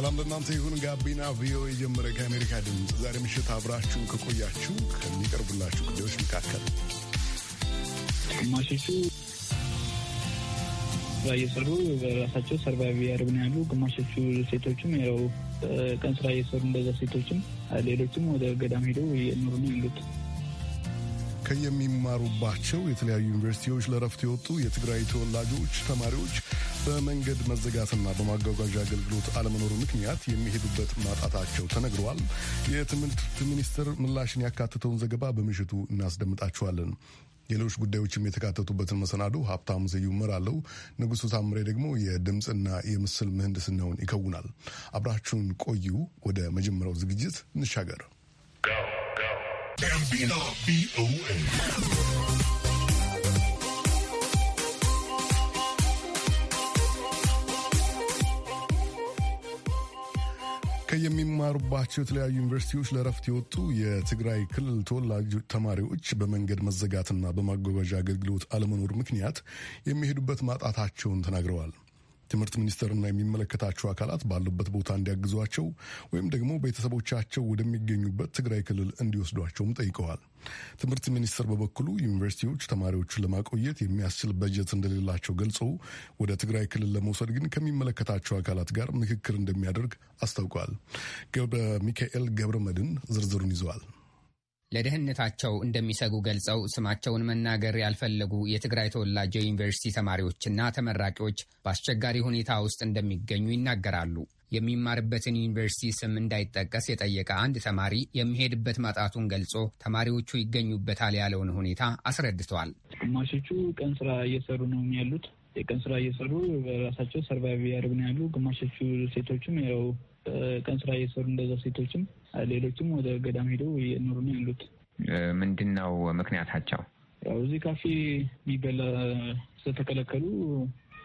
ሰላም ለእናንተ ይሁን። ጋቢና ቪኦኤ የጀመረ ከአሜሪካ ድምፅ ዛሬ ምሽት አብራችሁን ከቆያችሁ ከሚቀርቡላችሁ ጉዳዮች መካከል ግማሾቹ ስራ እየሰሩ በራሳቸው ሰርቫይቭ ያደርግ ነው ያሉ፣ ግማሾቹ ሴቶችም ያው ቀን ስራ እየሰሩ እንደዛ ሴቶችም፣ ሌሎችም ወደ ገዳም ሄደው እየኖሩ ነው ያሉት። ከየሚማሩባቸው የተለያዩ ዩኒቨርሲቲዎች ለረፍት የወጡ የትግራይ ተወላጆች ተማሪዎች በመንገድ መዘጋትና በማጓጓዣ አገልግሎት አለመኖሩ ምክንያት የሚሄዱበት ማጣታቸው ተነግረዋል። የትምህርት ሚኒስቴር ምላሽን ያካተተውን ዘገባ በምሽቱ እናስደምጣችኋለን። ሌሎች ጉዳዮችም የተካተቱበትን መሰናዶ ሀብታሙ ስዩም እመራለሁ። ንጉሱ ታምሬ ደግሞ የድምፅና የምስል ምህንድስናውን ይከውናል። አብራችሁን ቆዩ። ወደ መጀመሪያው ዝግጅት እንሻገር። ጋቢና ቪኦኤ ከየሚማሩባቸው የተለያዩ ዩኒቨርሲቲዎች ለረፍት የወጡ የትግራይ ክልል ተወላጅ ተማሪዎች በመንገድ መዘጋትና በማጓጓዣ አገልግሎት አለመኖር ምክንያት የሚሄዱበት ማጣታቸውን ተናግረዋል። ትምህርት ሚኒስቴርና የሚመለከታቸው አካላት ባሉበት ቦታ እንዲያግዟቸው ወይም ደግሞ ቤተሰቦቻቸው ወደሚገኙበት ትግራይ ክልል እንዲወስዷቸውም ጠይቀዋል። ትምህርት ሚኒስቴር በበኩሉ ዩኒቨርሲቲዎች ተማሪዎችን ለማቆየት የሚያስችል በጀት እንደሌላቸው ገልጾ ወደ ትግራይ ክልል ለመውሰድ ግን ከሚመለከታቸው አካላት ጋር ምክክር እንደሚያደርግ አስታውቋል። ገብረ ሚካኤል ገብረ መድን ዝርዝሩን ይዘዋል። ለደህንነታቸው እንደሚሰጉ ገልጸው ስማቸውን መናገር ያልፈለጉ የትግራይ ተወላጅ የዩኒቨርሲቲ ተማሪዎችና ተመራቂዎች በአስቸጋሪ ሁኔታ ውስጥ እንደሚገኙ ይናገራሉ። የሚማርበትን ዩኒቨርሲቲ ስም እንዳይጠቀስ የጠየቀ አንድ ተማሪ የሚሄድበት ማጣቱን ገልጾ ተማሪዎቹ ይገኙበታል ያለውን ሁኔታ አስረድተዋል። ግማሾቹ ቀን ስራ እየሰሩ ነው ያሉት። የቀን ስራ እየሰሩ በራሳቸው ሰርቫይቭ ያደርግ ነው ያሉ። ግማሾቹ ሴቶችም ያው ቀን ስራ እየሰሩ እንደዛ ሴቶችም ሌሎችም ወደ ገዳም ሄደው እየኖሩ ነው ያሉት። ምንድን ነው ምክንያታቸው? ያው እዚህ ካፌ የሚበላ ስለተከለከሉ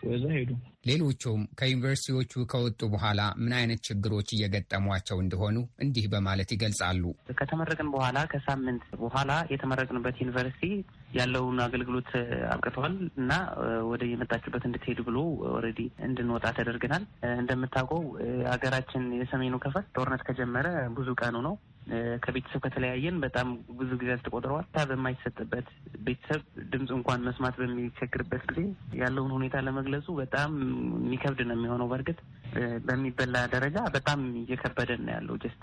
ወዛ ሄዱ። ሌሎቹም ከዩኒቨርሲቲዎቹ ከወጡ በኋላ ምን አይነት ችግሮች እየገጠሟቸው እንደሆኑ እንዲህ በማለት ይገልጻሉ። ከተመረቅን በኋላ ከሳምንት በኋላ የተመረቅንበት ዩኒቨርሲቲ ያለውን አገልግሎት አብቅተዋል እና ወደ የመጣችሁበት እንድትሄዱ ብሎ ኦልሬዲ እንድንወጣ ተደርገናል። እንደምታውቀው ሀገራችን የሰሜኑ ክፍል ጦርነት ከጀመረ ብዙ ቀኑ ነው። ከቤተሰብ ከተለያየን በጣም ብዙ ጊዜያት ተቆጥረዋል። በማይሰጥበት ቤተሰብ ድምፅ እንኳን መስማት በሚቸግርበት ጊዜ ያለውን ሁኔታ ለመግለጹ በጣም የሚከብድ ነው የሚሆነው። በእርግጥ በሚበላ ደረጃ በጣም እየከበደን ነው ያለው። ጀስት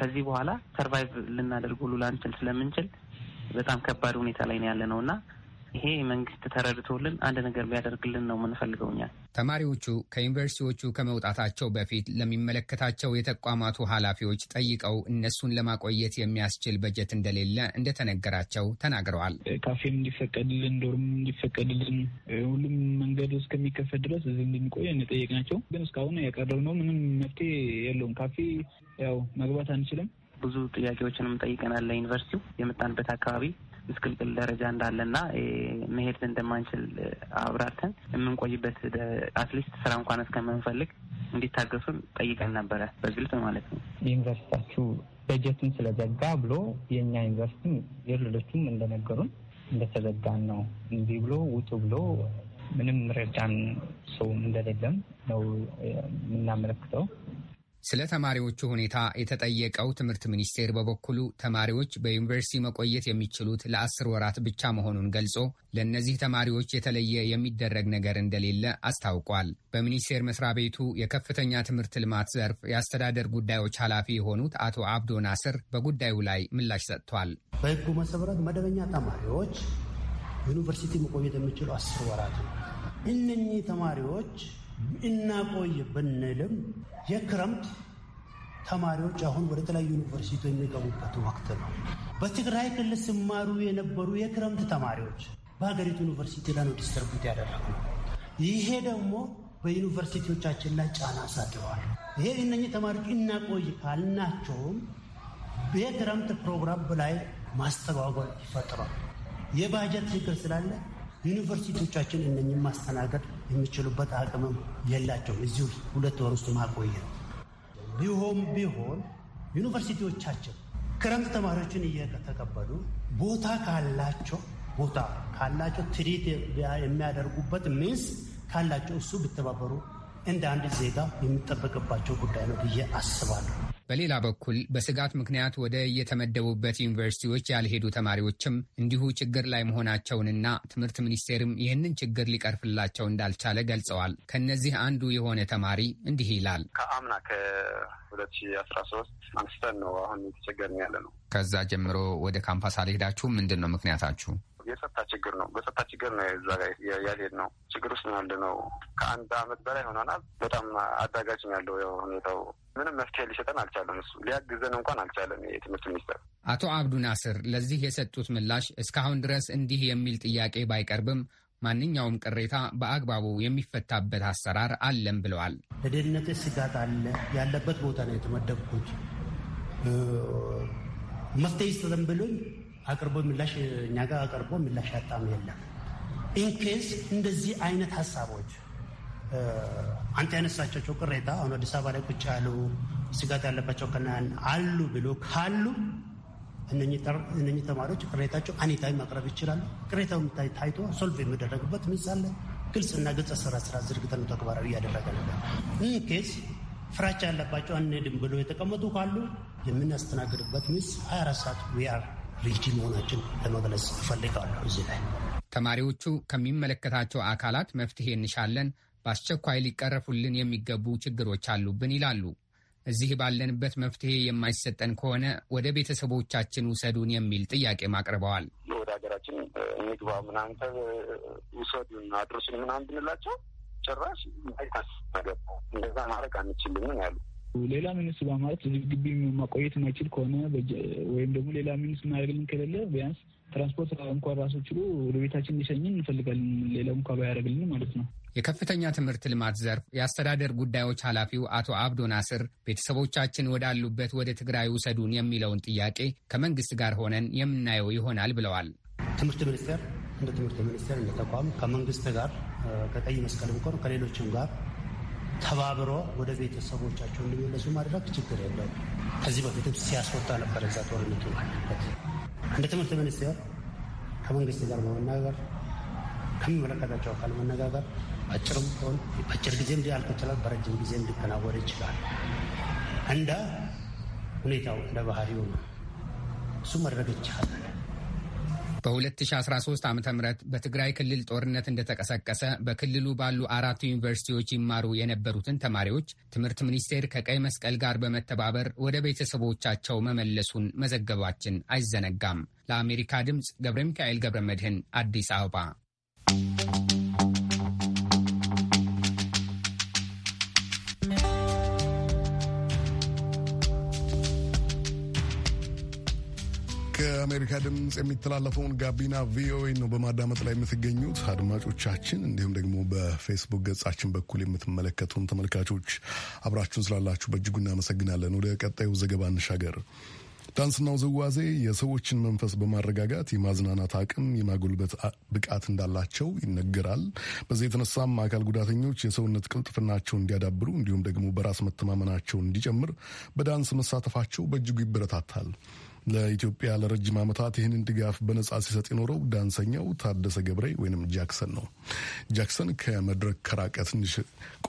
ከዚህ በኋላ ሰርቫይቭ ልናደርግ ሁሉ ላንችል ስለምንችል በጣም ከባድ ሁኔታ ላይ ነው ያለ ነው እና ይሄ መንግስት ተረድቶልን አንድ ነገር ቢያደርግልን ነው የምንፈልገው እኛ። ተማሪዎቹ ከዩኒቨርሲቲዎቹ ከመውጣታቸው በፊት ለሚመለከታቸው የተቋማቱ ኃላፊዎች ጠይቀው እነሱን ለማቆየት የሚያስችል በጀት እንደሌለ እንደተነገራቸው ተናግረዋል። ካፌም እንዲፈቀድልን፣ ዶርም እንዲፈቀድልን፣ ሁሉም መንገድ እስከሚከፈት ድረስ እዚህ እንድንቆይ እንጠየቅናቸው፣ ግን እስካሁን ያቀረብነው ምንም መፍትሄ የለውም። ካፌ ያው መግባት አንችልም። ብዙ ጥያቄዎችንም ጠይቀናል። ለዩኒቨርሲቲው የመጣንበት አካባቢ እስክልቅል ደረጃ እንዳለና መሄድ እንደማንችል አብራርተን የምንቆይበት አትሊስት ስራ እንኳን እስከምንፈልግ እንዲታገሱን ጠይቀን ነበረ፣ በግልጽ ማለት ነው። ዩኒቨርሲቲያችሁ በጀቱን ስለዘጋ ብሎ የእኛ ዩኒቨርሲቲም የሌሎቹም እንደነገሩን እንደተዘጋን ነው እንዲህ ብሎ ውጡ ብሎ ምንም ረዳን ሰውም እንደሌለም ነው የምናመለክተው። ስለ ተማሪዎቹ ሁኔታ የተጠየቀው ትምህርት ሚኒስቴር በበኩሉ ተማሪዎች በዩኒቨርሲቲ መቆየት የሚችሉት ለአስር ወራት ብቻ መሆኑን ገልጾ ለእነዚህ ተማሪዎች የተለየ የሚደረግ ነገር እንደሌለ አስታውቋል። በሚኒስቴር መስሪያ ቤቱ የከፍተኛ ትምህርት ልማት ዘርፍ የአስተዳደር ጉዳዮች ኃላፊ የሆኑት አቶ አብዶ ናስር በጉዳዩ ላይ ምላሽ ሰጥቷል። በህጉ መሰረት መደበኛ ተማሪዎች ዩኒቨርሲቲ መቆየት የሚችሉ አስር ወራት ነው። እነኚህ ተማሪዎች እናቆይ ብንልም የክረምት ተማሪዎች አሁን ወደ ተለያዩ ዩኒቨርሲቲ የሚገቡበት ወቅት ነው። በትግራይ ክልል ሲማሩ የነበሩ የክረምት ተማሪዎች በሀገሪቱ ዩኒቨርሲቲ ላይ ነው ያደረጉ ይሄ ደግሞ በዩኒቨርሲቲዎቻችን ላይ ጫና አሳድረዋል። ይሄ እነኚህ ተማሪዎች እናቆይ ካልናቸውም የክረምት ፕሮግራም ላይ ማስተጓጎል ይፈጥራል። የባጀት ችግር ስላለ ዩኒቨርሲቲዎቻችን እነኝም ማስተናገድ የሚችሉበት አቅምም የላቸውም። እዚሁ ሁለት ወር ውስጥ ማቆየ ቢሆን ቢሆን ዩኒቨርሲቲዎቻቸው ክረምት ተማሪዎችን እየተቀበሉ ቦታ ካላቸው ቦታ ካላቸው ትሪት የሚያደርጉበት ሚንስ ካላቸው እሱ ቢተባበሩ እንደ አንድ ዜጋ የሚጠበቅባቸው ጉዳይ ነው ብዬ አስባለሁ። በሌላ በኩል በስጋት ምክንያት ወደ የተመደቡበት ዩኒቨርሲቲዎች ያልሄዱ ተማሪዎችም እንዲሁ ችግር ላይ መሆናቸውንና ትምህርት ሚኒስቴርም ይህንን ችግር ሊቀርፍላቸው እንዳልቻለ ገልጸዋል። ከእነዚህ አንዱ የሆነ ተማሪ እንዲህ ይላል። ከአምና ከ2013 አንስተን ነው አሁን የተቸገርን ያለ ነው ከዛ ጀምሮ ወደ ካምፓስ አልሄዳችሁ? ምንድን ነው ምክንያታችሁ? የጸጥታ ችግር ነው። በጸጥታ ችግር ነው እዛ ጋር ያልሄድ ነው። ችግር ውስጥ ነው ያለ ነው። ከአንድ አመት በላይ ሆኗናል። በጣም አዳጋች ነው ያለው ያው ሁኔታው። ምንም መፍትሄ ሊሰጠን አልቻለም። እሱ ሊያግዘን እንኳን አልቻለም የትምህርት ሚኒስቴር። አቶ አብዱ ናስር ለዚህ የሰጡት ምላሽ እስካሁን ድረስ እንዲህ የሚል ጥያቄ ባይቀርብም ማንኛውም ቅሬታ በአግባቡ የሚፈታበት አሰራር አለም ብለዋል። ለደህንነት ስጋት አለ ያለበት ቦታ ነው የተመደብኩት መፍትሄ ይስጠን ብሎኝ አቅርቦ ምላሽ እኛ ጋር አቅርቦ ምላሽ ያጣም የለም። ኢንኬስ እንደዚህ አይነት ሀሳቦች አንተ ያነሳቸው ቅሬታ አሁን አዲስ አበባ ላይ ቁጭ ያሉ ስጋት ያለባቸው ከናን አሉ ብሎ ካሉ እነኚህ ተማሪዎች ቅሬታቸው አኔታዊ ማቅረብ ይችላሉ። ቅሬታው የሚታይ ታይቶ ሶልቭ የሚደረግበት ምሳለ ግልጽና ግልጽ ስራ ስራ ዝርግተን ተግባራዊ እያደረገ ነበር ኬስ ፍራቻ ያለባቸው አንሄድም ብሎ የተቀመጡ ካሉ የምናስተናግድበት ሚስ 24 ሰዓት ዊአር ሪጅ መሆናችን ለመግለጽ እፈልጋለሁ። እዚህ ላይ ተማሪዎቹ ከሚመለከታቸው አካላት መፍትሄ እንሻለን፣ በአስቸኳይ ሊቀረፉልን የሚገቡ ችግሮች አሉብን ይላሉ። እዚህ ባለንበት መፍትሄ የማይሰጠን ከሆነ ወደ ቤተሰቦቻችን ውሰዱን የሚል ጥያቄ ማቅርበዋል። ወደ ሀገራችን እንግባ ምናንተ ውሰዱን አድርሱን ምናምን ብንላቸው ጭራሽ ታስ ነገር ነው እንደዛ ማድረግ አንችልም ያሉ ሌላ ሚኒስት በማለት ግቢ ማቆየት የማይችል ከሆነ ወይም ደግሞ ሌላ ሚኒስት የማያደርግልን ከሌለ ቢያንስ ትራንስፖርት እንኳን ራሱ ችሎ ወደ ቤታችን ሊሸኝን እንፈልጋለን። ሌላ እንኳ ባያደርግልን ማለት ነው። የከፍተኛ ትምህርት ልማት ዘርፍ የአስተዳደር ጉዳዮች ኃላፊው አቶ አብዶ ናስር ቤተሰቦቻችን ወዳሉበት ወደ ትግራይ ውሰዱን የሚለውን ጥያቄ ከመንግስት ጋር ሆነን የምናየው ይሆናል ብለዋል። ትምህርት ሚኒስቴር እንደ ትምህርት ሚኒስቴር እንደ ተቋም ከመንግስት ጋር ከቀይ መስቀልም ቆር ከሌሎችም ጋር ተባብሮ ወደ ቤተሰቦቻቸው እንዲመለሱ ማድረግ ችግር የለው። ከዚህ በፊትም ሲያስወጣ ነበር እዛ ጦርነቱ ባለበት እንደ ትምህርት ሚኒስቴር ከመንግስት ጋር በመነጋገር ከሚመለከታቸው አካል መነጋገር አጭርም ሆን በአጭር ጊዜም ሊያልቅ ይችላል፣ በረጅም ጊዜም ሊከናወን ይችላል። እንደ ሁኔታው እንደ ባህሪው ነው። እሱ መድረግ ይቻላል። በ2013 ዓ ም በትግራይ ክልል ጦርነት እንደተቀሰቀሰ በክልሉ ባሉ አራቱ ዩኒቨርሲቲዎች ይማሩ የነበሩትን ተማሪዎች ትምህርት ሚኒስቴር ከቀይ መስቀል ጋር በመተባበር ወደ ቤተሰቦቻቸው መመለሱን መዘገባችን አይዘነጋም። ለአሜሪካ ድምፅ ገብረ ሚካኤል ገብረ መድህን አዲስ አበባ። ከአሜሪካ ድምፅ የሚተላለፈውን ጋቢና ቪኦኤ ነው በማዳመጥ ላይ የምትገኙት አድማጮቻችን፣ እንዲሁም ደግሞ በፌስቡክ ገጻችን በኩል የምትመለከቱን ተመልካቾች አብራችሁን ስላላችሁ በእጅጉ እናመሰግናለን። ወደ ቀጣዩ ዘገባ እንሻገር። ዳንስና ውዝዋዜ የሰዎችን መንፈስ በማረጋጋት የማዝናናት አቅም የማጎልበት ብቃት እንዳላቸው ይነገራል። በዚህ የተነሳም አካል ጉዳተኞች የሰውነት ቅልጥፍናቸውን እንዲያዳብሩ እንዲሁም ደግሞ በራስ መተማመናቸውን እንዲጨምር በዳንስ መሳተፋቸው በእጅጉ ይበረታታል። ለኢትዮጵያ ለረጅም ዓመታት ይህንን ድጋፍ በነጻ ሲሰጥ የኖረው ዳንሰኛው ታደሰ ገብሬ ወይንም ጃክሰን ነው። ጃክሰን ከመድረክ ከራቀ ትንሽ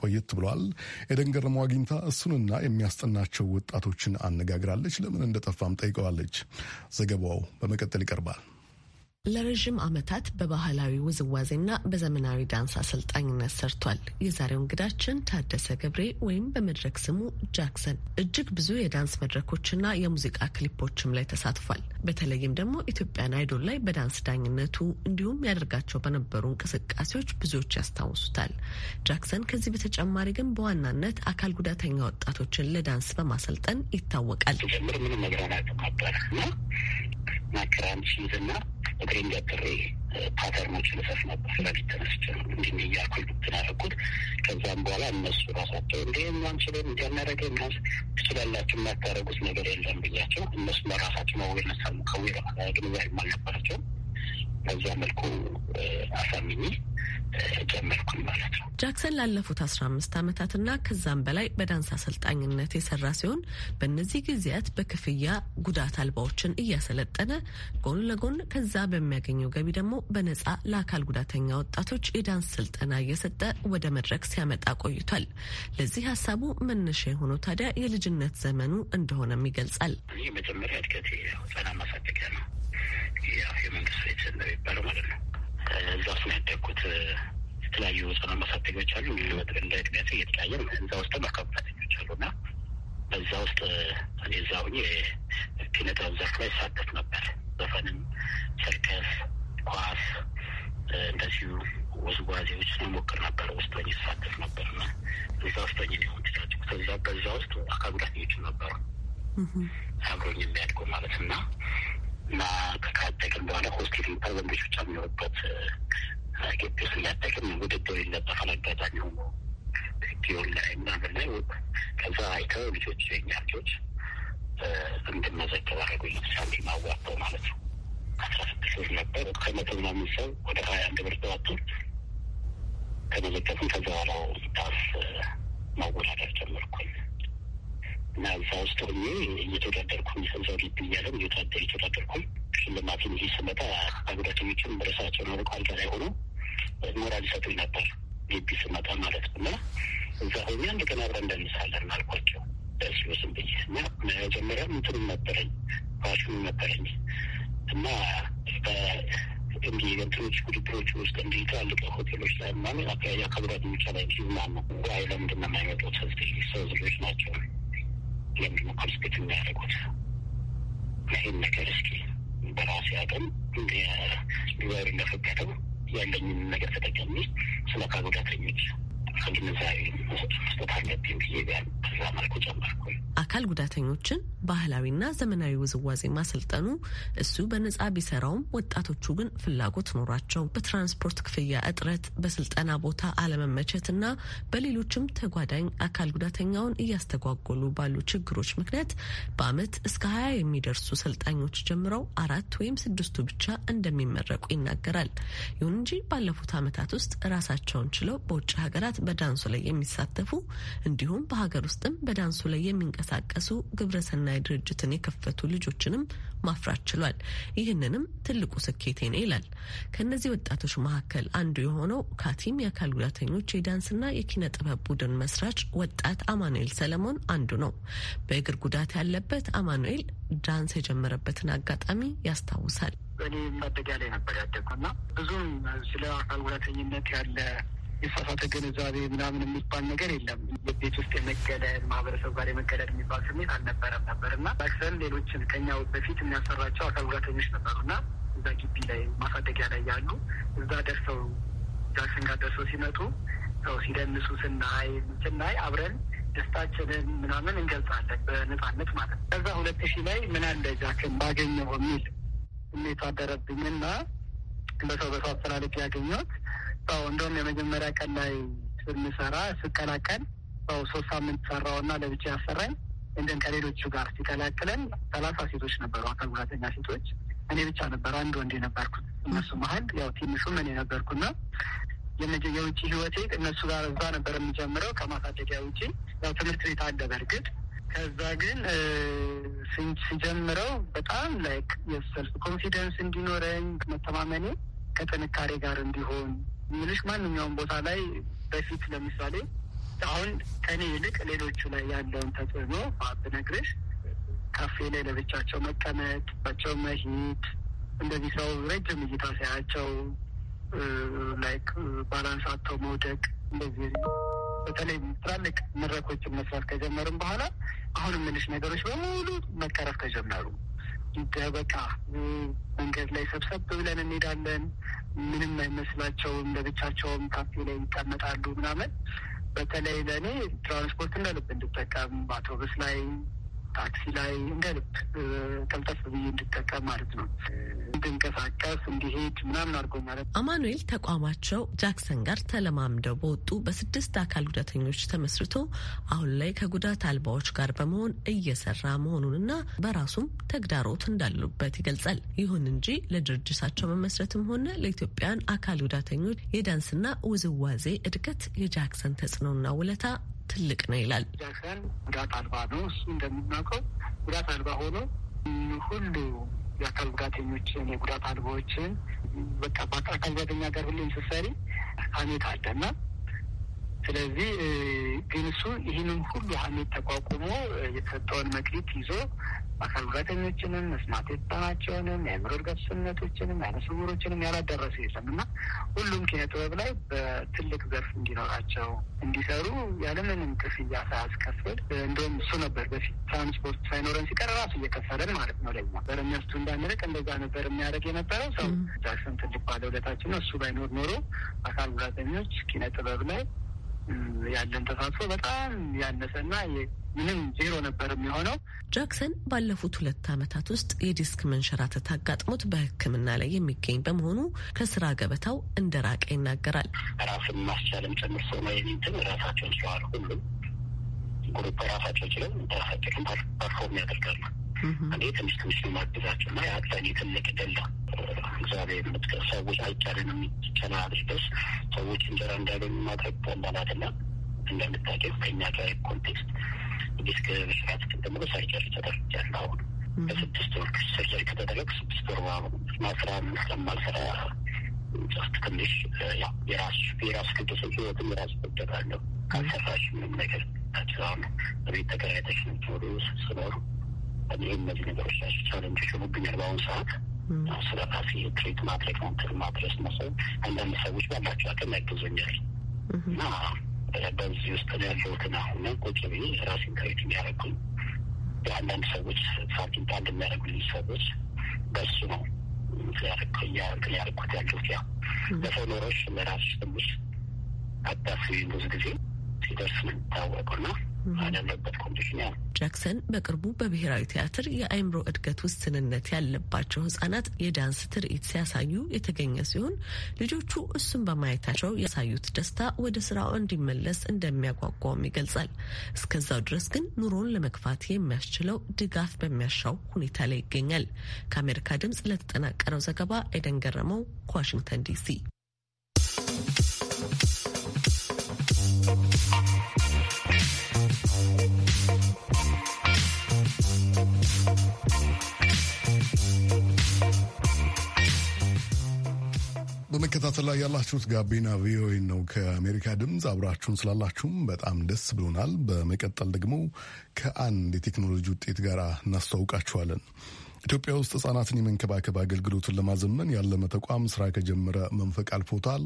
ቆየት ብሏል። ኤደን ገረመው አግኝታ እሱንና የሚያስጠናቸው ወጣቶችን አነጋግራለች። ለምን እንደጠፋም ጠይቀዋለች። ዘገባው በመቀጠል ይቀርባል። ለረዥም ዓመታት በባህላዊ ውዝዋዜና በዘመናዊ ዳንስ አሰልጣኝነት ሰርቷል። የዛሬው እንግዳችን ታደሰ ገብሬ ወይም በመድረክ ስሙ ጃክሰን እጅግ ብዙ የዳንስ መድረኮችና የሙዚቃ ክሊፖችም ላይ ተሳትፏል። በተለይም ደግሞ ኢትዮጵያን አይዶል ላይ በዳንስ ዳኝነቱ እንዲሁም ያደርጋቸው በነበሩ እንቅስቃሴዎች ብዙዎች ያስታውሱታል። ጃክሰን ከዚህ በተጨማሪ ግን በዋናነት አካል ጉዳተኛ ወጣቶችን ለዳንስ በማሰልጠን ይታወቃል። ማከራንቺዝ ና እግሬን ገጥሬ ፓተርኖች ልሰፍ ነበር። በፊት ተነስቼ እንዲህ እያልኩኝ ትናረኩት። ከዛም በኋላ እነሱ ራሳቸው እንዲ አንችልም እንዲያናረገ ምናስ ትችላላችሁ፣ የማታረጉት ነገር የለም ብያቸው እነሱ ለራሳቸው መዌርነት ሳሙ ከዌር ግንዛቤ አልነበራቸውም። በዚያ መልኩ አሳምኝ ጀመርኩኝ ማለት ነው። ጃክሰን ላለፉት አስራ አምስት እና ከዛም በላይ በዳንስ አሰልጣኝነት የሰራ ሲሆን በእነዚህ ጊዜያት በክፍያ ጉዳት አልባዎችን እያሰለጠነ ጎን ለጎን ከዛ በሚያገኘው ገቢ ደግሞ በነጻ ለአካል ጉዳተኛ ወጣቶች የዳንስ ስልጠና እየሰጠ ወደ መድረክ ሲያመጣ ቆይቷል። ለዚህ ሀሳቡ መነሻ የሆነው ታዲያ የልጅነት ዘመኑ እንደሆነም ይገልጻል። መጀመሪያ እድገት ህጻና ማሳደጊያ ነው የመንግስት ቤተሰብ እንደሚባለው ማለት ነው። እዛ ውስጥ ነው ያደግኩት። የተለያዩ ህጻናት ማሳደጊያዎች አሉ። እንደ እድሜያቸው እየተለያየ እዛ ውስጥ መርከብ ማሳደጊያዎች አሉ እና በዛ ውስጥ እኔ እዛ ሁኜ ኪነ ጥበብ ዘርፍ ላይ ሳተፍ ነበር። ዘፈንም፣ ሰርከስ፣ ኳስ እንደዚሁ ውዝዋዜዎች ሞክር ነበር። ውስጥ ሆኜ ሳተፍ ነበር እና እዛ ውስጥ ሆኜ ነው የምትጫጭቁት። እዛ በዛ ውስጥ አካል ጉዳተኞችም ነበሩ አብሮኝ የሚያድጉ ማለት እና እና ከታጠቅን በኋላ ሆስቴል የሚባል ወንዶች ብቻ የሚኖሩበት ግቢ ውስጥ ውድድር ይለጠፋል። አጋጣሚ ሆኖ ግቢውን ላይ ምናምን ላይ ከዛ አይተው ልጆች የኛ ልጆች እንድመዘገብ አደረጉኝ። ሳንቲ አዋጣው ማለት ነው። አስራ ስድስት ብር ነበር ከመቶ ምናምን ሰው ወደ ሀያ አንድ ብር ተዋጡ ተመዘገብን። ከዛ በኋላ ዳንስ ማወዳደር ጀመርኩኝ። እና ውስጥ ሆኜ እየተወዳደርኩኝ እዛው ልብ እያለው እየተወዳደ እየተወዳደርኩኝ ሽልማትን ይህ ስመጣ አጉዳተኞችም ርሳቸውን ወደ ቋንቋ ላይ ሆኖ ሞራል ይሰጡኝ ነበር። ግቢ ስመጣ ማለት ነው እና እዛ ሆኜ አንድ ቀን አብረን እንደንሳለን አልኳቸው። ደስ ስም ብዬ እና መጀመሪያም እንትኑ ነበረኝ ፋሽኑ ነበረኝ እና እንዲህ እንትኖች ውድድሮች ውስጥ እንዲህ ትላልቅ ሆቴሎች ላይ ምናምን አካባቢ አካባቢ ብቻ ላይ ሲዝናኑ አይ ለምንድን ነው የማይመጡት ህዝብ ሰው ዝሎች ናቸው ለምንድን ነው ኮንስፔት የሚያደርጉት? ይህን ነገር እስኪ በራሴ አቅም ዲዛይር እንደፈቀደው ያለኝን ነገር ተጠቀሚ ስለ ካጎዳተኞች መስጠት አለብኝ ብዬ መልኩ አካል ጉዳተኞችን ባህላዊና ዘመናዊ ውዝዋዜ ማሰልጠኑ እሱ በነጻ ቢሰራውም ወጣቶቹ ግን ፍላጎት ኖሯቸው በትራንስፖርት ክፍያ እጥረት፣ በስልጠና ቦታ አለመመቸት እና በሌሎችም ተጓዳኝ አካል ጉዳተኛውን እያስተጓጎሉ ባሉ ችግሮች ምክንያት በዓመት እስከ ሀያ የሚደርሱ ሰልጣኞች ጀምረው አራት ወይም ስድስቱ ብቻ እንደሚመረቁ ይናገራል። ይሁን እንጂ ባለፉት ዓመታት ውስጥ ራሳቸውን ችለው በውጭ ሀገራት በዳንሱ ላይ የሚሳተፉ እንዲሁም በሀገር ውስጥም በዳንሱ ላይ የሚንቀሳቀሱ ግብረሰናይ ድርጅትን የከፈቱ ልጆችንም ማፍራት ችሏል። ይህንንም ትልቁ ስኬቴ ነው ይላል። ከእነዚህ ወጣቶች መካከል አንዱ የሆነው ካቲም የአካል ጉዳተኞች የዳንስና የኪነ ጥበብ ቡድን መስራች ወጣት አማኑኤል ሰለሞን አንዱ ነው። በእግር ጉዳት ያለበት አማኑኤል ዳንስ የጀመረበትን አጋጣሚ ያስታውሳል። እኔ ማደጊያ ላይ ነበር ያደግኩና ብዙም ስለ አካል ጉዳተኝነት ያለ የተሳሳተ ግንዛቤ ምናምን የሚባል ነገር የለም። ቤት ውስጥ የመገለል ማህበረሰብ ጋር የመገለል የሚባል ስሜት አልነበረም ነበር እና ባክሰን ሌሎችን ከኛ በፊት የሚያሰራቸው አካል ጉዳተኞች ነበሩ እና እዛ ግቢ ላይ ማሳደጊያ ላይ ያሉ እዛ ደርሰው ጃክሰን ጋር ደርሰው ሲመጡ ሰው ሲደንሱ ስናይ ስናይ አብረን ደስታችንን ምናምን እንገልጻለን በነፃነት ማለት ነው። ከዛ ሁለት ሺህ ላይ ምን አለ ጃክን ባገኘው የሚል ስሜት አደረብኝና በሰው በሰው አስተላለፍ ያገኘት እንደውም የመጀመሪያ ቀን ላይ ስንሰራ ስቀላቀል ው ሶስት ሳምንት ሰራው ና ለብቻ ያሰራኝ እንደን ከሌሎቹ ጋር ሲቀላቅለን ሰላሳ ሴቶች ነበሩ፣ አካል ጉዳተኛ ሴቶች። እኔ ብቻ ነበር አንድ ወንድ የነበርኩት እነሱ መሀል ያው ትንሹም እኔ ነበርኩና የውጭ ህይወቴ እነሱ ጋር እዛ ነበር የሚጀምረው። ከማሳደጊያ ውጪ ያው ትምህርት ቤት አለ በእርግጥ ከዛ ግን ስጀምረው በጣም ላይክ የሰልፍ ኮንፊደንስ እንዲኖረኝ መተማመኔ ከጥንካሬ ጋር እንዲሆን የሚልሽ ማንኛውም ቦታ ላይ በፊት ለምሳሌ አሁን ከኔ ይልቅ ሌሎቹ ላይ ያለውን ተጽዕኖ ብነግርሽ ካፌ ላይ ለብቻቸው መቀመጥ ባቸው መሄድ እንደዚህ ሰው ረጅም እይታ ሳያቸው ላይክ ባላንስ አጥተው መውደቅ እንደዚህ በተለይ ትላልቅ መድረኮችን መስራት ከጀመርም በኋላ አሁን የምልሽ ነገሮች በሙሉ መቀረፍ ከጀመሩ ደበቃ መንገድ ላይ ሰብሰብ ብለን እንሄዳለን። ምንም አይመስላቸውም። ለብቻቸውም ካፌ ላይ ይቀመጣሉ ምናምን። በተለይ ለእኔ ትራንስፖርት እንደልብ እንድጠቀም አቶብስ ላይ ታክሲ ላይ እንደ ልብ ቀልጠፍ ብዬ እንድጠቀም ማለት ነው እንድንቀሳቀስ እንዲሄድ ምናምን አድርጎ ማለት ነው። አማኑኤል ተቋማቸው ጃክሰን ጋር ተለማምደው በወጡ በስድስት አካል ጉዳተኞች ተመስርቶ አሁን ላይ ከጉዳት አልባዎች ጋር በመሆን እየሰራ መሆኑንና በራሱም ተግዳሮት እንዳሉበት ይገልጻል። ይሁን እንጂ ለድርጅታቸው መመስረትም ሆነ ለኢትዮጵያን አካል ጉዳተኞች የዳንስና ውዝዋዜ እድገት የጃክሰን ተጽዕኖና ውለታ ትልቅ ነው ይላል። ጃክሰን ጉዳት አልባ ነው። እሱ እንደምናውቀው ጉዳት አልባ ሆኖ ሁሉ የአካል ጉዳተኞችን የጉዳት አልባዎችን በቃ በአካል ጉዳተኛ ጋር ሁሉ ስትሰሪ ሀሜት አለ እና ስለዚህ ግን እሱ ይህንን ሁሉ ሀሜት ተቋቁሞ የተሰጠውን መክሊት ይዞ አካል ጉዳተኞችንም መስማት የተሳናቸውንም የአእምሮ እድገት ስነቶችንም አይነ ስውሮችንም ያላደረሰ የለም እና ሁሉም ኪነ ጥበብ ላይ በትልቅ ዘርፍ እንዲኖራቸው እንዲሰሩ ያለምንም ክፍያ ሳያስከፍል እንደውም እሱ ነበር በፊት ትራንስፖርት ሳይኖረን ሲቀር ራሱ እየከፈለን ማለት ነው። ለኛ በረሚያስቱ እንዳንርቅ እንደዛ ነበር የሚያደርግ የነበረው ሰው ጃክሰን ትልቅ ባለውለታችን እሱ ባይኖር ኖሮ አካል ጉዳተኞች ኪነ ጥበብ ላይ ያለን ተሳትፎ በጣም ያነሰና ምንም ዜሮ ነበር የሚሆነው። ጃክሰን ባለፉት ሁለት ዓመታት ውስጥ የዲስክ መንሸራተት አጋጥሞት በሕክምና ላይ የሚገኝ በመሆኑ ከስራ ገበታው እንደ ራቀ ይናገራል። ራስን ማስቻልም ጭምር ሰው ነው የሚንትን ራሳቸውን ችለዋል። ሁሉም ግሩፕ ራሳቸው ችለው ራሳቸውን ፐርፎርም ያደርጋሉ። እኔ mm-hmm. ትንሽ ትንሽ ነው ማግዛቸው እና የአቅለኔ ትልቅ ደላ እግዚአብሔር ምትቀር ሰዎች አይቻልንም ይቻላል ድረስ ሰዎች እንጀራ እንዲያገኙ ማድረግ ቀላል አይደለም። እንደምታውቂው ከኛ ጋር ኮንቴክስት ዲስክ በስራት ቅድምሮ ሰርጀሪ ተደርጃለ አሁን mm-hmm. በስድስት ወር ሰርጀሪ ከተደረግ ስድስት ወር ማስራ ስለማልሰራ ስ ትንሽ የራሱ የራሱ ቅዱስ ህይወትም የራሱ ጉዳት አለው። ካልሰራሽ ምንም ነገር ታችላ ነው በቤት ተከራይተሽ ነው ስኖሩ ይህ እነዚህ ነገሮች ላይ ቻለንጆች ሆኑብኛል በአሁኑ ሰዓት ስለ ራሴ ትሬት ማድረግ ምክር ማድረስ መሰብ አንዳንድ ሰዎች ባላቸው አቅም ያግዙኛል እና በዚህ ውስጥ ነው ያለሁትን አሁን ቁጭ ብዬ ራሴን ትሬት የሚያደረጉኝ አንዳንድ ሰዎች ሳንቲም ጣል የሚያደረጉልኝ ሰዎች በሱ ነው ያደረግኩት ያለሁት ያ ለሰው ኖሮች ለራሱ ትንሽ አዳፍ ብዙ ጊዜ ሲደርስ ነው የሚታወቁና ያለበት ኮንዲሽን ያ ጃክሰን በቅርቡ በብሔራዊ ቲያትር የአእምሮ እድገት ውስንነት ያለባቸው ህጻናት የዳንስ ትርኢት ሲያሳዩ የተገኘ ሲሆን ልጆቹ እሱን በማየታቸው ያሳዩት ደስታ ወደ ስራው እንዲመለስ እንደሚያጓጓውም ይገልጻል። እስከዛው ድረስ ግን ኑሮን ለመግፋት የሚያስችለው ድጋፍ በሚያሻው ሁኔታ ላይ ይገኛል። ከአሜሪካ ድምጽ ለተጠናቀረው ዘገባ ኤደን ገረመው ከዋሽንግተን ዲሲ በመከታተል ላይ ያላችሁት ጋቢና ቪኦኤ ነው። ከአሜሪካ ድምፅ አብራችሁን ስላላችሁም በጣም ደስ ብሎናል። በመቀጠል ደግሞ ከአንድ የቴክኖሎጂ ውጤት ጋር እናስተዋውቃችኋለን። ኢትዮጵያ ውስጥ ህጻናትን የመንከባከብ አገልግሎትን ለማዘመን ያለመ ተቋም ስራ ከጀመረ መንፈቅ አልፎታል።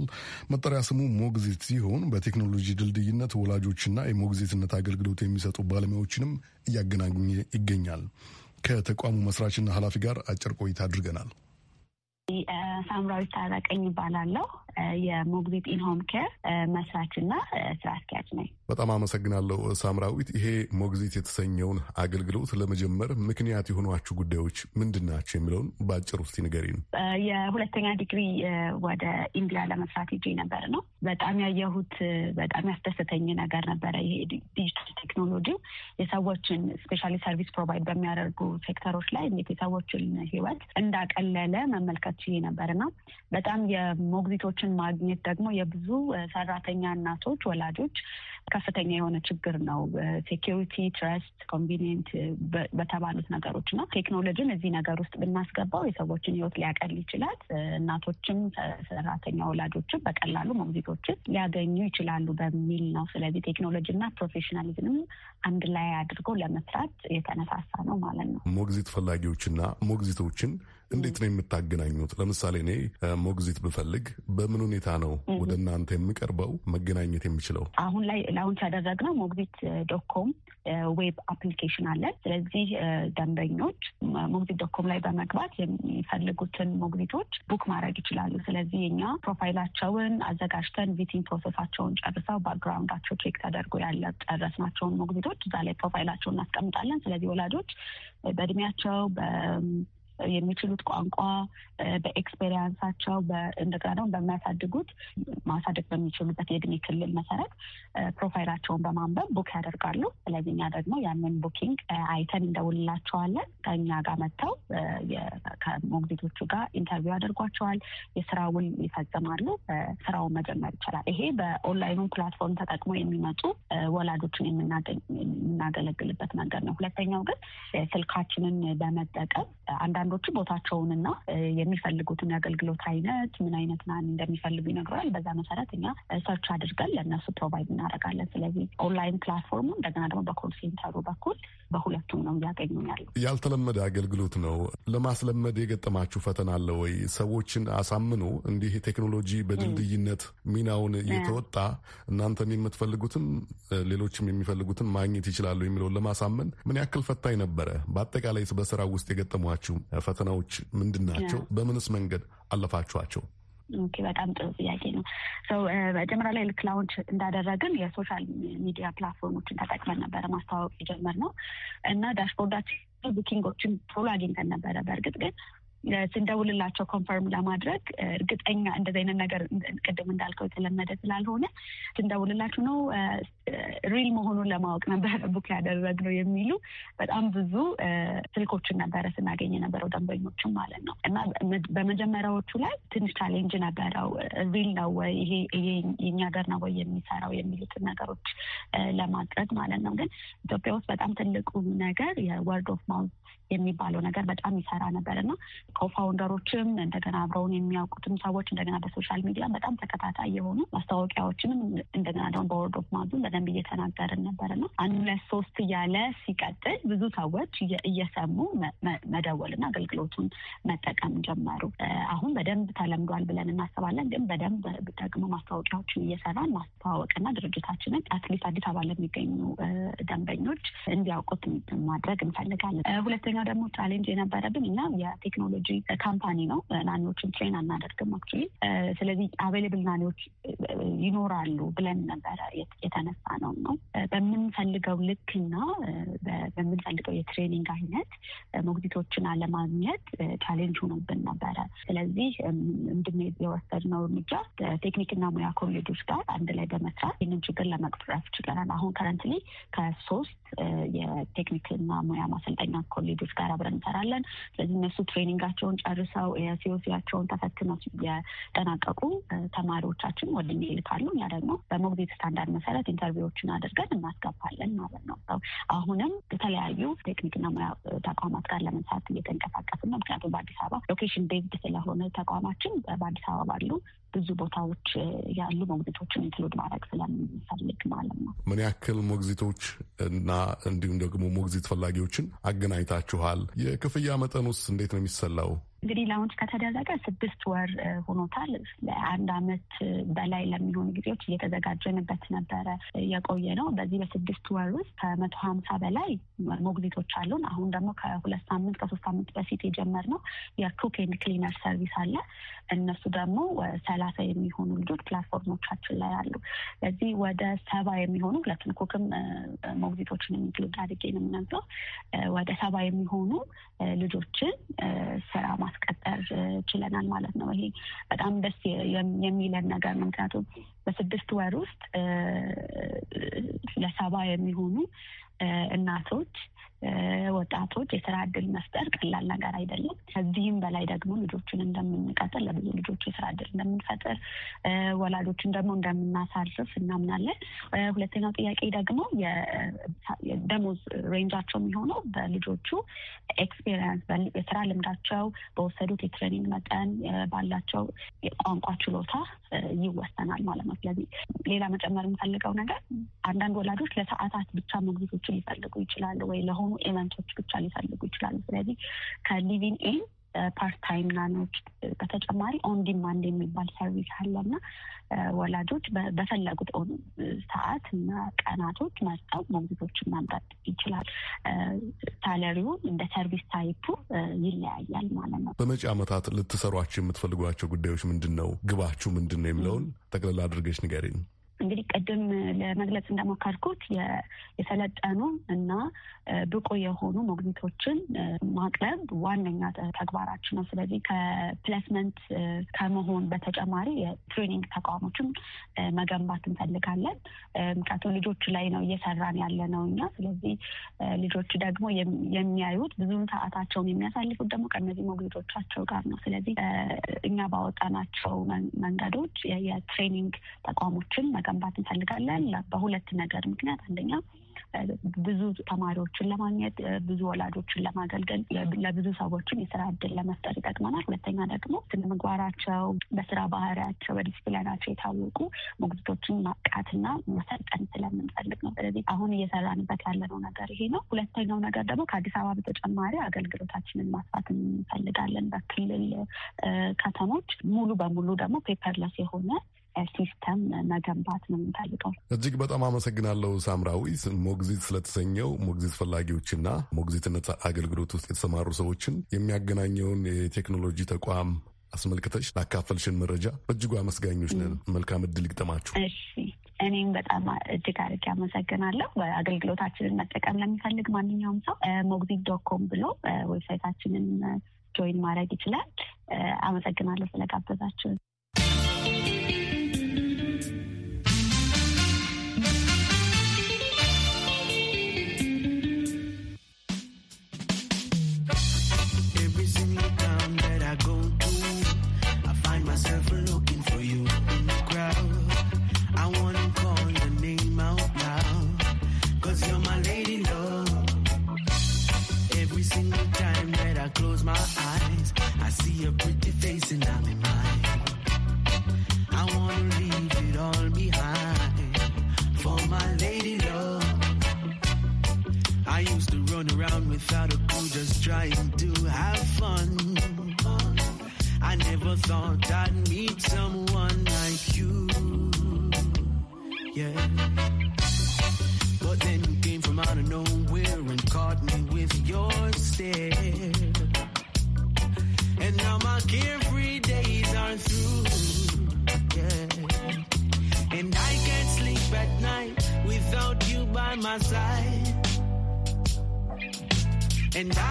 መጠሪያ ስሙ ሞግዚት ሲሆን በቴክኖሎጂ ድልድይነት ወላጆችና የሞግዚትነት አገልግሎት የሚሰጡ ባለሙያዎችንም እያገናኘ ይገኛል። ከተቋሙ መስራችና ኃላፊ ጋር አጭር ቆይታ አድርገናል። ሳምራዊት ታረቀኝ ይባላለሁ። የሞግዚት ኢንሆም ኬር መስራችና ስራ አስኪያጅ ነኝ። በጣም አመሰግናለሁ ሳምራዊት። ይሄ ሞግዚት የተሰኘውን አገልግሎት ለመጀመር ምክንያት የሆኗችሁ ጉዳዮች ምንድን ናቸው የሚለውን በአጭር ውስጥ ንገሪን። የሁለተኛ ዲግሪ ወደ ኢንዲያ ለመስራት ሄጄ ነበር ነው በጣም ያየሁት በጣም ያስደሰተኝ ነገር ነበረ። ይሄ ዲጂታል ቴክኖሎጂ የሰዎችን ስፔሻሊ ሰርቪስ ፕሮቫይድ በሚያደርጉ ሴክተሮች ላይ እንዴት የሰዎችን ህይወት እንዳቀለለ መመልከት ችዬ ነበር ነው በጣም የሞግዚቶች ሴቶችን ማግኘት ደግሞ የብዙ ሰራተኛ እናቶች ወላጆች ከፍተኛ የሆነ ችግር ነው። ሴኪሪቲ፣ ትረስት፣ ኮንቪኒንት በተባሉት ነገሮች ነው። ቴክኖሎጂን እዚህ ነገር ውስጥ ብናስገባው የሰዎችን ህይወት ሊያቀል ይችላል። እናቶችም ሰራተኛ ወላጆችም በቀላሉ ሞግዚቶችን ሊያገኙ ይችላሉ በሚል ነው። ስለዚህ ቴክኖሎጂና ፕሮፌሽናሊዝምም አንድ ላይ አድርጎ ለመስራት የተነሳሳ ነው ማለት ነው። ሞግዚት ፈላጊዎችና ሞግዚቶችን እንዴት ነው የምታገናኙት? ለምሳሌ እኔ ሞግዚት ብፈልግ በምን ሁኔታ ነው ወደ እናንተ የምቀርበው መገናኘት የሚችለው አሁን ላይ ላውንች ያደረግነው ሞግዚት ዶኮም ዌብ አፕሊኬሽን አለ። ስለዚህ ደንበኞች ሞግዚት ዶኮም ላይ በመግባት የሚፈልጉትን ሞግዚቶች ቡክ ማድረግ ይችላሉ። ስለዚህ እኛ ፕሮፋይላቸውን አዘጋጅተን ቪቲንግ ፕሮሰሳቸውን ጨርሰው ባክግራውንዳቸው ቼክ ተደርጎ ያለ ጨረስናቸውን ሞግዚቶች እዛ ላይ ፕሮፋይላቸውን እናስቀምጣለን። ስለዚህ ወላጆች በእድሜያቸው የሚችሉት ቋንቋ በኤክስፔሪንሳቸው እንደገና ደግሞ በሚያሳድጉት ማሳደግ በሚችሉበት የእድሜ ክልል መሰረት ፕሮፋይላቸውን በማንበብ ቡክ ያደርጋሉ። ስለዚህ እኛ ደግሞ ያንን ቡኪንግ አይተን እንደውልላቸዋለን። ከእኛ ጋር መጥተው ከሞግዚቶቹ ጋር ኢንተርቪው ያደርጓቸዋል። የስራ ውል ይፈጽማሉ። ስራውን መጀመር ይቻላል። ይሄ በኦንላይኑን ፕላትፎርም ተጠቅሞ የሚመጡ ወላጆችን የምናገለግልበት መንገድ ነው። ሁለተኛው ግን ስልካችንን በመጠቀም አንዳንድ አንዳንዶቹ ቦታቸውንና የሚፈልጉትን የአገልግሎት አይነት ምን አይነት ና እንደሚፈልጉ ይነግረዋል። በዛ መሰረት እኛ ሰርች አድርገን ለእነሱ ፕሮቫይድ እናደርጋለን። ስለዚህ ኦንላይን ፕላትፎርሙ እንደገና ደግሞ በኮል ሴንተሩ በኩል በሁለቱም ነው እያገኙ ያለው። ያልተለመደ አገልግሎት ነው። ለማስለመድ የገጠማችሁ ፈተና አለ ወይ? ሰዎችን አሳምኖ እንዲህ ቴክኖሎጂ በድልድይነት ሚናውን የተወጣ እናንተም የምትፈልጉትም ሌሎችም የሚፈልጉትን ማግኘት ይችላሉ የሚለውን ለማሳመን ምን ያክል ፈታኝ ነበረ? በአጠቃላይ በስራ ውስጥ የገጠሟችሁ ፈተናዎች ምንድን ናቸው? በምንስ መንገድ አለፋችኋቸው? ኦኬ፣ በጣም ጥሩ ጥያቄ ነው። ሰው መጀመሪያ ላይ ልክ ላውንች እንዳደረግን የሶሻል ሚዲያ ፕላትፎርሞችን ተጠቅመን ነበረ ማስተዋወቅ የጀመርነው እና ዳሽቦርዳችን ቡኪንጎችን ቶሎ አግኝተን ነበረ። በእርግጥ ግን ስንደውልላቸው ኮንፈርም ለማድረግ እርግጠኛ እንደዚህ አይነት ነገር ቅድም እንዳልከው የተለመደ ስላልሆነ ስንደውልላችሁ ነው ሪል መሆኑን ለማወቅ ነበረ ቡክ ነው የሚሉ በጣም ብዙ ስልኮችን ነበረ ስናገኝ የነበረው ደንበኞችም ማለት ነው። እና በመጀመሪያዎቹ ላይ ትንሽ ቻሌንጅ ነበረው። ሪል ነው ወይ ይሄ የኛ ሀገር ነው ወይ የሚሰራው የሚሉትን ነገሮች ለማድረግ ማለት ነው። ግን ኢትዮጵያ ውስጥ በጣም ትልቁ ነገር የወርድ ኦፍ ማውት የሚባለው ነገር በጣም ይሰራ ነበር እና ኮፋውንደሮችም እንደገና አብረውን የሚያውቁትም ሰዎች እንደገና በሶሻል ሚዲያ በጣም ተከታታይ የሆኑ ማስታወቂያዎችንም እንደገና ደግሞ በወርድ ኦፍ በደንብ እየተናገርን ነበር እና አንድ ሁለት ሶስት እያለ ሲቀጥል ብዙ ሰዎች እየሰሙ መደወል እና አገልግሎቱን መጠቀም ጀመሩ። አሁን በደንብ ተለምዷል ብለን እናስባለን። ግን በደንብ ደግሞ ማስታወቂያዎችን እየሰራን ማስተዋወቅና ድርጅታችንን አትሊስት አዲስ አበባ ለሚገኙ ደንበኞች እንዲያውቁት ማድረግ እንፈልጋለን። ሁለተኛ ሌላኛው ደግሞ ቻሌንጅ የነበረብን እኛ የቴክኖሎጂ ካምፓኒ ነው። ናኒዎችን ትሬን አናደርግም አክቹዋሊ። ስለዚህ አቬሌብል ናኒዎች ይኖራሉ ብለን ነበረ የተነሳ ነው ነው በምንፈልገው ልክና በምንፈልገው የትሬኒንግ አይነት ሞግዚቶችን አለማግኘት ቻሌንጅ ሆኖብን ነበረ። ስለዚህ እንድንሄድ የወሰድነው እርምጃ ቴክኒክና ሙያ ኮሌጆች ጋር አንድ ላይ በመስራት ይህንን ችግር ለመቅረፍ ችለናል። አሁን ከረንትሊ ከሶስት የቴክኒክና ሙያ ማሰልጠኛ ኮሌጆች ጋር አብረን እንሰራለን። ስለዚህ እነሱ ትሬኒንጋቸውን ጨርሰው የሲኦሲያቸውን ተፈትነው የጠናቀቁ ተማሪዎቻችን ወደ እኛ ይልካሉ። ያ ደግሞ በሞግዚት ስታንዳርድ መሰረት ኢንተርቪዎችን አድርገን እናስገባለን ማለት ነው። አሁንም የተለያዩ ቴክኒክና ሙያ ተቋማት ጋር ለመንሳት እየተንቀሳቀስን ነው። ምክንያቱም በአዲስ አበባ ሎኬሽን ቤዝድ ስለሆነ ተቋማችን በአዲስ አበባ ባሉ ብዙ ቦታዎች ያሉ ሞግዚቶችን ኢንክሉድ ማድረግ ስለምንፈልግ ማለት ነው። ምን ያክል ሞግዚቶች እና እንዲሁም ደግሞ ሞግዚት ፈላጊዎችን አገናኝታችኋል? የክፍያ መጠን ውስጥ እንዴት ነው የሚሰላው? እንግዲህ ላውንች ከተደረገ ስድስት ወር ሆኖታል። ለአንድ አመት በላይ ለሚሆኑ ጊዜዎች እየተዘጋጀንበት ነበረ የቆየ ነው። በዚህ በስድስት ወር ውስጥ ከመቶ ሀምሳ በላይ ሞግዚቶች አሉን። አሁን ደግሞ ከሁለት ሳምንት ከሶስት ሳምንት በፊት የጀመርነው የኩክ ኤንድ ክሊነር ሰርቪስ አለ። እነሱ ደግሞ ሰላሳ የሚሆኑ ልጆች ፕላትፎርሞቻችን ላይ አሉ። ለዚህ ወደ ሰባ የሚሆኑ ሁለቱን ኩክም ሞግዚቶችን የሚክሉ አድርጌ ነው የምናምጠው ወደ ሰባ የሚሆኑ ልጆችን ስራ ማስቀጠር ችለናል ማለት ነው። ይሄ በጣም ደስ የሚለን ነገር ነው። ምክንያቱም በስድስት ወር ውስጥ ለሰባ የሚሆኑ እናቶች ወጣቶች የስራ እድል መፍጠር ቀላል ነገር አይደለም። ከዚህም በላይ ደግሞ ልጆችን እንደምንቀጥል ለብዙ ልጆች የስራ እድል እንደምንፈጥር ወላጆችን ደግሞ እንደምናሳርፍ እናምናለን። ሁለተኛው ጥያቄ ደግሞ የደሞዝ ሬንጃቸው የሚሆነው በልጆቹ ኤክስፔሪንስ፣ የስራ ልምዳቸው፣ በወሰዱት የትሬኒንግ መጠን፣ ባላቸው የቋንቋ ችሎታ ይወሰናል ማለት ነው። ስለዚህ ሌላ መጨመር የምፈልገው ነገር አንዳንድ ወላጆች ለሰዓታት ብቻ ሞግዚቶችን ሊፈልጉ ይችላሉ ወይ ለሆኑ ኤቨንቶች ብቻ ሊፈልጉ ይችላሉ። ስለዚህ ከሊቪን ኢን ፓርትታይም ናኖች በተጨማሪ ኦን ዲማንድ የሚባል ሰርቪስ አለ እና ወላጆች በፈለጉት ሰዓት እና ቀናቶች መርጠው ሞግዚቶችን ማምጣት ይችላል። ሳለሪውን እንደ ሰርቪስ ታይፑ ይለያያል ማለት ነው። በመጪ ዓመታት ልትሰሯቸው የምትፈልጓቸው ጉዳዮች ምንድን ነው? ግባችሁ ምንድን ነው የሚለውን ጠቅልላ አድርገች ንገሪን። እንግዲህ ቅድም ለመግለጽ እንደሞከርኩት የሰለጠኑ እና ብቁ የሆኑ ሞግኒቶችን ማቅረብ ዋነኛ ተግባራችን ነው። ስለዚህ ከፕሌስመንት ከመሆን በተጨማሪ የትሬኒንግ ተቋሞችን መገንባት እንፈልጋለን። ምክንያቱም ልጆች ላይ ነው እየሰራን ያለ ነው እኛ። ስለዚህ ልጆች ደግሞ የሚያዩት ብዙም ሰዓታቸውን የሚያሳልፉት ደግሞ ከእነዚህ ሞግኒቶቻቸው ጋር ነው። ስለዚህ እኛ ባወጣናቸው መንገዶች የትሬኒንግ ተቋሞችን መገንባት መገንባት እንፈልጋለን በሁለት ነገር ምክንያት አንደኛ ብዙ ተማሪዎችን ለማግኘት ብዙ ወላጆችን ለማገልገል ለብዙ ሰዎችን የስራ እድል ለመፍጠር ይጠቅመናል። ሁለተኛ ደግሞ ስነ ምግባራቸው፣ በስራ ባህሪያቸው፣ በዲስፕሊናቸው የታወቁ ሞግዚቶችን ማቃትና መሰልጠን ስለምንፈልግ ነው። ስለዚህ አሁን እየሰራንበት ያለነው ነገር ይሄ ነው። ሁለተኛው ነገር ደግሞ ከአዲስ አበባ በተጨማሪ አገልግሎታችንን ማስፋት እንፈልጋለን። በክልል ከተሞች ሙሉ በሙሉ ደግሞ ፔፐርለስ የሆነ ሲስተም መገንባት ነው የምንፈልገው። እጅግ በጣም አመሰግናለሁ ሳምራዊ ሞግዚት ስለተሰኘው ሞግዚት ፈላጊዎችና ሞግዚትነት አገልግሎት ውስጥ የተሰማሩ ሰዎችን የሚያገናኘውን የቴክኖሎጂ ተቋም አስመልክተሽ ላካፈልሽን መረጃ በእጅጉ አመስጋኞች ነን። መልካም እድል ይግጠማችሁ። እሺ፣ እኔም በጣም እጅግ አድርጌ አመሰግናለሁ። አገልግሎታችንን መጠቀም ለሚፈልግ ማንኛውም ሰው ሞግዚት ዶት ኮም ብሎ ዌብሳይታችንን ጆይን ማድረግ ይችላል። አመሰግናለሁ ስለጋበዛችሁን።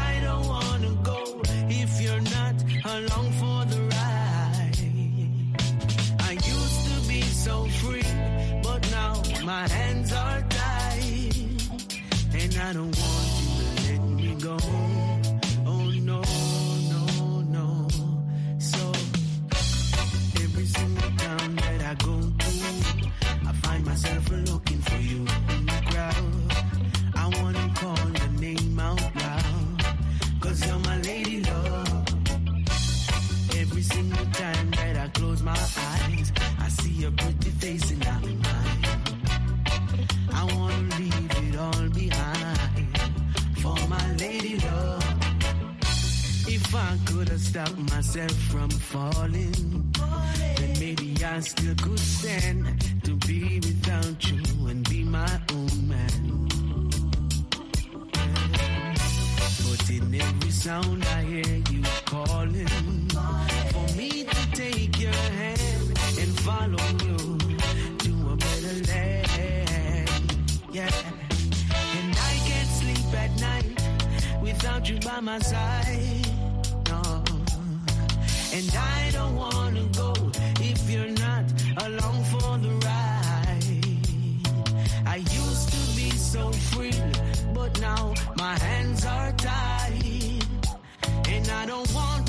I don't wanna go if you're not along for the ride. I used to be so free, but now my hands are tied, and I don't want you to let me go. Oh no, no, no. So every single time that I go through, I find myself looking for you. myself from falling, then maybe I still could stand to be without you and be my own man. But in every sound I hear you calling for me to take your hand and follow you to a better land. Yeah. And I can't sleep at night without you by my side. And I don't wanna go if you're not along for the ride. I used to be so free, but now my hands are tied. And I don't want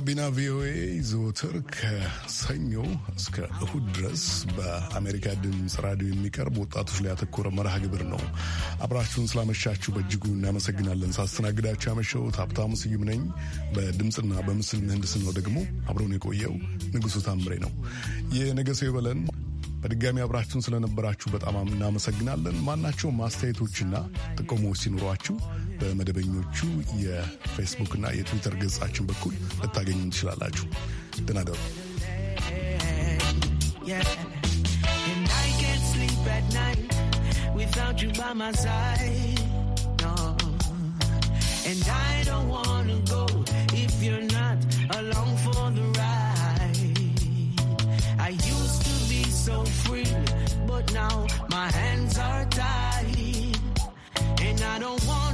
ጋቢና ቪኦኤ ዘወትር ከሰኞ እስከ እሁድ ድረስ በአሜሪካ ድምፅ ራዲዮ የሚቀርብ ወጣቶች ላይ ያተኮረ መርሃ ግብር ነው። አብራችሁን ስላመሻችሁ በእጅጉ እናመሰግናለን። ሳስተናግዳችሁ ያመሸሁት ሀብታሙ ስዩም ነኝ። በድምፅና በምስል ምህንድስናው ደግሞ አብረን የቆየው ንጉሱ ታምሬ ነው። የነገ ሰው ይበለን። በድጋሚ አብራችሁን ስለነበራችሁ በጣም እናመሰግናለን። ማናቸውም ማስተያየቶችና ጥቆሞች ሲኖሯችሁ በመደበኞቹ የፌስቡክና የትዊተር ገጻችን በኩል ልታገኙ ትችላላችሁ። ደህና ደሩ። And I don't wanna go. don't want